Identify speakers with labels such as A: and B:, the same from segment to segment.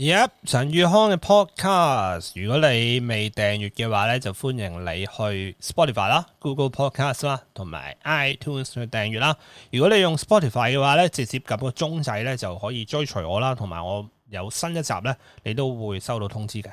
A: 耶！yep, 陳宇康嘅 podcast，如果你未訂閱嘅話咧，就歡迎你去 Spotify 啦、Google Podcast 啦，同埋 iTunes 去訂閱啦。如果你用 Spotify 嘅話咧，直接撳個鐘仔咧就可以追隨我啦，同埋我有新一集咧，你都會收到通知嘅。誒、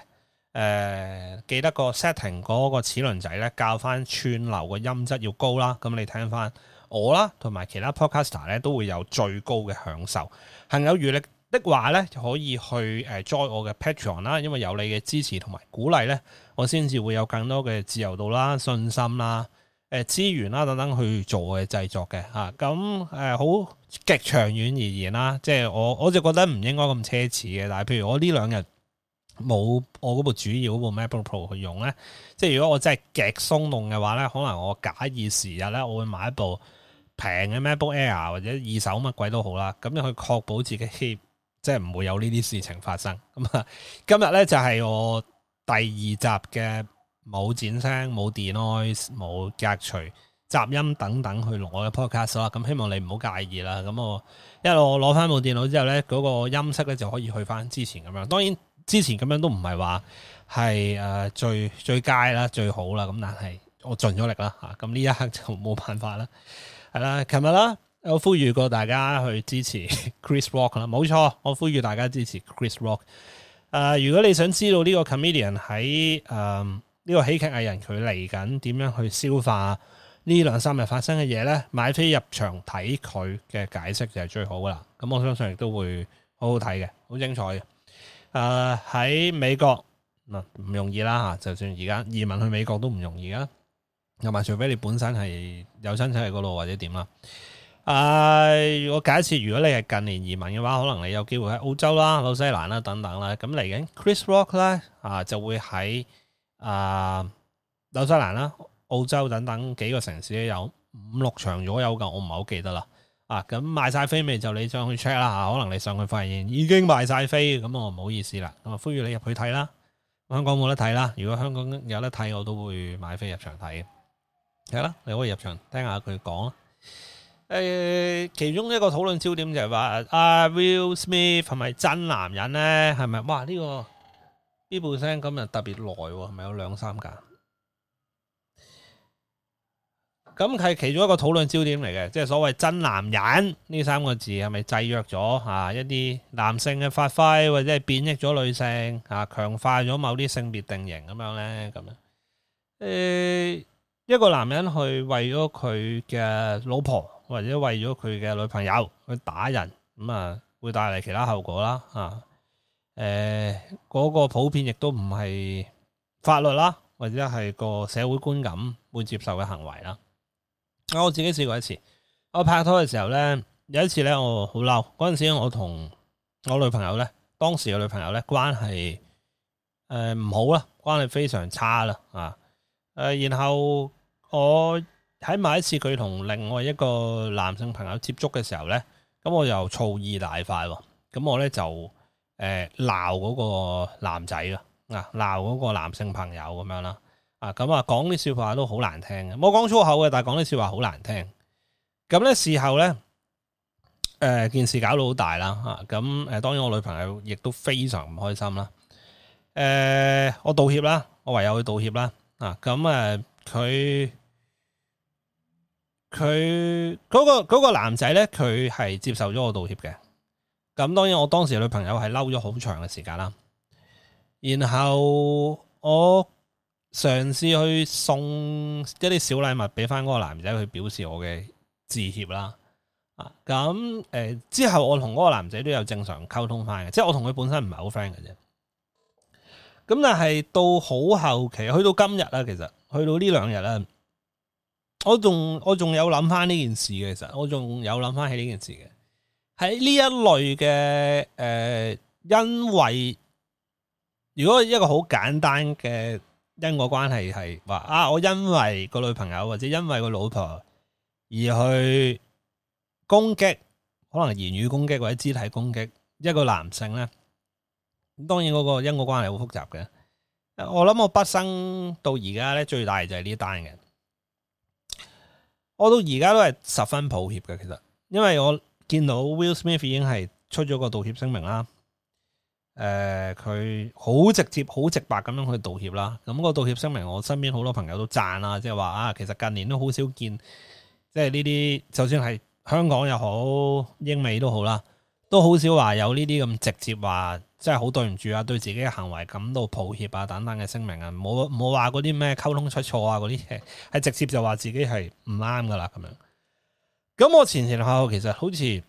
A: 呃，記得個 setting 嗰個齒輪仔咧，校翻串流嘅音質要高啦。咁你聽翻我啦，同埋其他 podcaster 咧都會有最高嘅享受。行有餘力。的話咧，就可以去誒 join 我嘅 Patreon 啦，因為有你嘅支持同埋鼓勵咧，我先至會有更多嘅自由度啦、信心啦、誒資源啦等等去做嘅製作嘅吓。咁誒好極長遠而言啦，即係我我就覺得唔應該咁奢侈嘅。但係譬如我呢兩日冇我嗰部主要嗰部 MacBook Pro 去用咧，即係如果我真係極鬆動嘅話咧，可能我假以時日咧我會買一部平嘅 MacBook Air 或者二手乜鬼都好啦，咁樣去確保自己。即係唔會有呢啲事情發生咁啊！今日咧就係我第二集嘅冇剪聲、冇 denoise 冇隔除雜音等等去錄我嘅 podcast 啦。咁希望你唔好介意啦。咁我因為我攞翻部電腦之後咧，嗰、嗰個音色咧就可以去翻之前咁樣。當然之前咁樣都唔係話係誒最最佳啦、最好啦。咁但係我盡咗力啦吓。咁呢一刻就冇辦法啦。係啦，琴日啦。我呼籲過大家去支持 Chris Rock 啦，冇錯，我呼籲大家支持 Chris Rock。誒、呃，如果你想知道呢個 comedian 喺誒呢、呃這個喜劇藝人佢嚟緊點樣去消化呢兩三日發生嘅嘢咧，買飛入場睇佢嘅解釋就係最好噶啦。咁我相信亦都會好好睇嘅，好精彩嘅。誒、呃，喺美國唔唔容易啦吓，就算而家移民去美國都唔容易啊。同埋除非你本身係有親戚喺嗰度或者點啦。誒，我假設如果你係近年移民嘅話，可能你有機會喺澳洲啦、紐西蘭啦等等啦，咁嚟緊 Chris Rock 咧啊，就會喺啊紐西蘭啦、澳洲等等幾個城市有五六場左右嘅，我唔係好記得啦。啊，咁賣晒飛未？就你上去 check 啦吓，可能你上去發現已經賣晒飛，咁我唔好意思啦，咁啊，呼籲你入去睇啦。香港冇得睇啦，如果香港有得睇，我都會買飛入場睇嘅。係啦，你可以入場聽下佢講啦。誒，其中一個討論焦點就係話阿 Will Smith 係咪真男人咧？係咪哇？呢、呢個呢部聲咁又特別耐，哦，係咪有兩三架？咁係其中一個討論焦點嚟嘅，即係所謂真男人呢三個字係咪制約咗啊？一啲男性嘅發揮，或者係貶抑咗女性啊，強化咗某啲性別定型咁樣咧？咁樣誒，一個男人去為咗佢嘅老婆。或者為咗佢嘅女朋友去打人，咁啊會帶嚟其他後果啦，啊，誒、那、嗰個普遍亦都唔係法律啦，或者係個社會觀感會接受嘅行為啦。我自己試過一次，我拍拖嘅時候咧，有一次咧我好嬲，嗰陣時我同我女朋友咧，當時嘅女朋友咧關係誒唔好啦，關係非常差啦，啊，誒然後我。喺某一次佢同另外一個男性朋友接觸嘅時候咧，咁我又醋意大快喎，咁我咧就誒鬧嗰個男仔咯，啊鬧嗰個男性朋友咁樣啦，啊咁啊講啲説話都好難聽嘅，冇講粗口嘅，但係講啲説話好難聽。咁、嗯、咧事後咧，誒、呃、件事搞到好大啦，嚇咁誒當然我女朋友亦都非常唔開心啦，誒、啊、我道歉啦，我唯有去道歉啦，啊咁誒佢。嗯啊佢嗰、嗰個、嗰個男仔咧，佢係接受咗我道歉嘅。咁當然，我當時女朋友係嬲咗好長嘅時間啦。然後我嘗試去送一啲小禮物俾翻嗰個男仔去表示我嘅致歉啦。咁誒、呃、之後我同嗰個男仔都有正常溝通翻嘅，即、就、係、是、我同佢本身唔係好 friend 嘅啫。咁但係到好後期，去到今日啦，其實去到呢兩日啦。我仲我仲有諗翻呢件事嘅，其實我仲有諗翻起呢件事嘅。喺呢一類嘅誒、呃，因為如果一個好簡單嘅因果關係係話啊，我因為個女朋友或者因為個老婆而去攻擊，可能言語攻擊或者肢體攻擊，一個男性咧，當然嗰個因果關係好複雜嘅。我諗我畢生到而家咧，最大就係呢單嘅。我到而家都係十分抱歉嘅，其實，因為我見到 Will Smith 已經係出咗個道歉聲明啦。誒，佢好直接、好直白咁樣去道歉啦。咁個道歉聲明，呃那個、聲明我身邊好多朋友都讚啦，即係話啊，其實近年都好少見，即係呢啲，就算係香港又好、英美都好啦。都好少話有呢啲咁直接話，真係好對唔住啊，對自己嘅行為感到抱歉啊，等等嘅聲明啊，冇冇話嗰啲咩溝通出錯啊嗰啲嘢，係直接就話自己係唔啱噶啦咁樣。咁我前前後後其實好似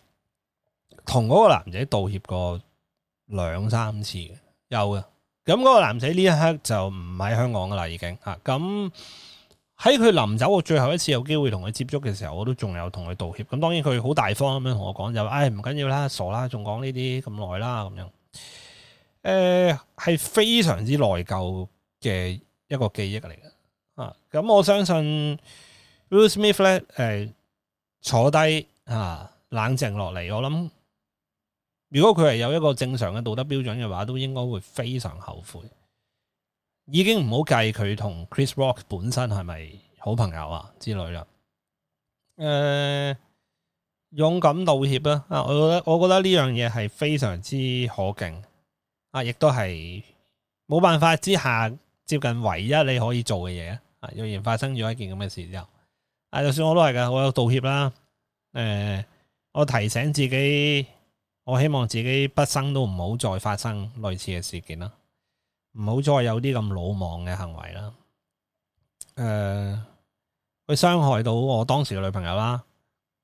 A: 同嗰個男仔道歉過兩三次，有嘅。咁嗰個男仔呢一刻就唔喺香港噶啦，已經吓咁。喺佢臨走我最後一次有機會同佢接觸嘅時候，我都仲有同佢道歉。咁當然佢好大方咁樣同我講就說，唉，唔緊要啦，傻啦，仲講呢啲咁耐啦，咁樣。誒、呃、係非常之內疚嘅一個記憶嚟嘅。啊，咁我相信 Will Smith 咧，誒、呃、坐低啊冷靜落嚟，我諗如果佢係有一個正常嘅道德標準嘅話，都應該會非常後悔。已經唔好計佢同 Chris Rock 本身係咪好朋友啊之類啦。誒、呃，勇敢道歉啦！啊，我我覺得呢樣嘢係非常之可敬啊，亦都係冇辦法之下接近唯一你可以做嘅嘢啊！若然發生咗一件咁嘅事之後，啊，就算我都係噶，我有道歉啦。誒、啊，我提醒自己，我希望自己畢生都唔好再發生類似嘅事件啦。唔好再有啲咁魯莽嘅行為啦。誒、呃，佢傷害到我當時嘅女朋友啦，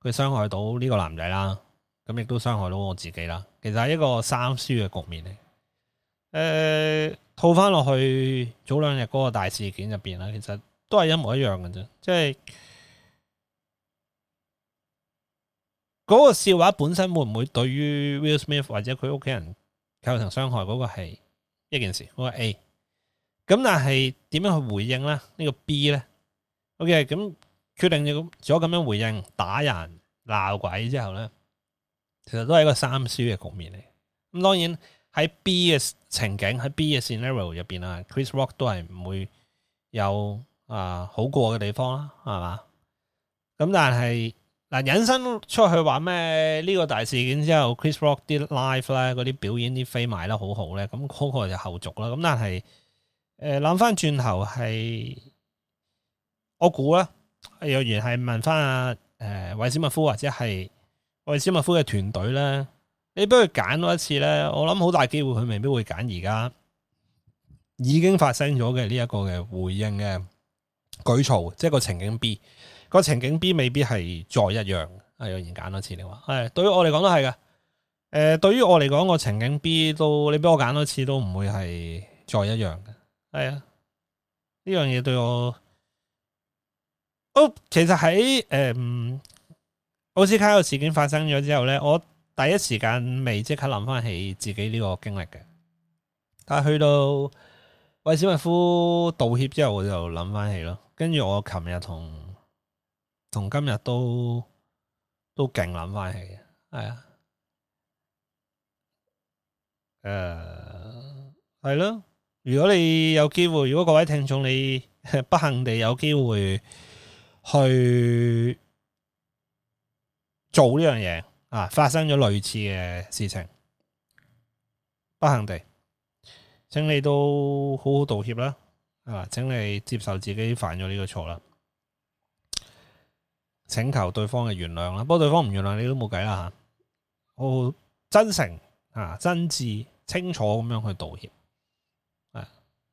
A: 佢傷害到呢個男仔啦，咁亦都傷害到我自己啦。其實係一個三輸嘅局面嚟。誒、呃，套翻落去早兩日嗰個大事件入邊啦，其實都係一模一樣嘅啫。即係嗰個笑話本身會唔會對於 Will Smith 或者佢屋企人構成傷害？嗰個係。一件事，我話 A，咁但係點樣去回應咧？呢個 B 咧，OK，咁決定咗咁樣回應打人鬧鬼之後咧，其實都係一個三輸嘅局面嚟。咁當然喺 B 嘅情景喺 B 嘅 scenario 入邊啊，Chris Rock 都係唔會有啊、呃、好過嘅地方啦，係嘛？咁但係。嗱，引申出去話咩？呢個大事件之後，Chris Rock 啲 live 啦，嗰啲表演啲飛賣得好好咧，咁嗰個就後續啦。咁但係，誒諗翻轉頭係，我估啦，若然係問翻阿誒韋斯密夫或者係韋斯密夫嘅團隊咧，你俾佢揀多一次咧，我諗好大機會佢未必會揀而家已經發生咗嘅呢一個嘅回應嘅舉措，即係個情景 B。個情景 B 未必係再一樣，係有人揀多次你話，係對於我嚟講都係嘅。誒，對於我嚟講個情景 B 都，你俾我揀多次都唔會係再一樣嘅。係啊，呢樣嘢對我，哦，其實喺誒奧斯卡嘅事件發生咗之後咧，我第一時間未即刻諗翻起自己呢個經歷嘅，但係去到為 Will Smith 道歉之後，我就諗翻起咯。跟住我琴日同。同今日都都勁諗翻起，係、哎、啊，誒、呃，係咯。如果你有機會，如果各位聽眾你不幸地有機會去做呢樣嘢啊，發生咗類似嘅事情，不幸地，請你都好好道歉啦，啊，請你接受自己犯咗呢個錯啦。請求對方嘅原諒啦，不過對方唔原諒你都冇計啦吓。我真誠啊、真摯、清楚咁樣去道歉，係、啊、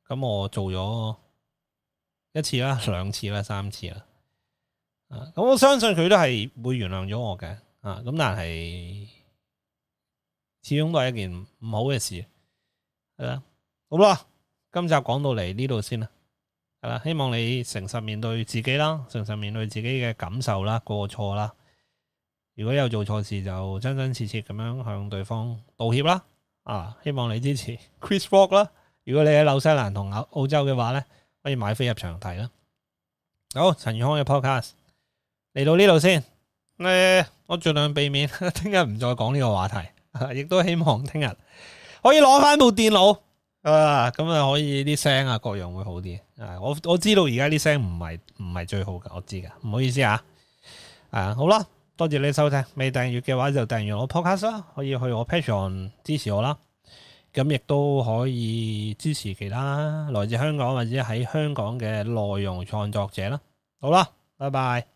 A: 咁我做咗一次啦、兩次啦、三次啦，啊咁我相信佢都係會原諒咗我嘅啊。咁但係始終都係一件唔好嘅事，係、啊、啦。好啦，今集講到嚟呢度先啦。係啦，希望你誠實面對自己啦，誠實面對自己嘅感受啦，過錯啦。如果有做錯事，就真真切切咁樣向對方道歉啦。啊，希望你支持 Chris Rock 啦。如果你喺紐西蘭同澳澳洲嘅話咧，可以買飛入場睇啦。好，陳宇康嘅 Podcast 嚟到呢度先。誒、呃，我盡量避免聽日唔再講呢個話題，亦都希望聽日可以攞翻部電腦。啊，咁啊可以啲聲啊各樣會好啲，啊我我知道而家啲聲唔係唔係最好㗎，我知噶，唔好意思啊，啊好啦，多謝你收聽，未訂閱嘅話就訂閱我 Podcast 啦，可以去我 Patreon 支持我啦，咁亦都可以支持其他來自香港或者喺香港嘅內容創作者啦，好啦，拜拜。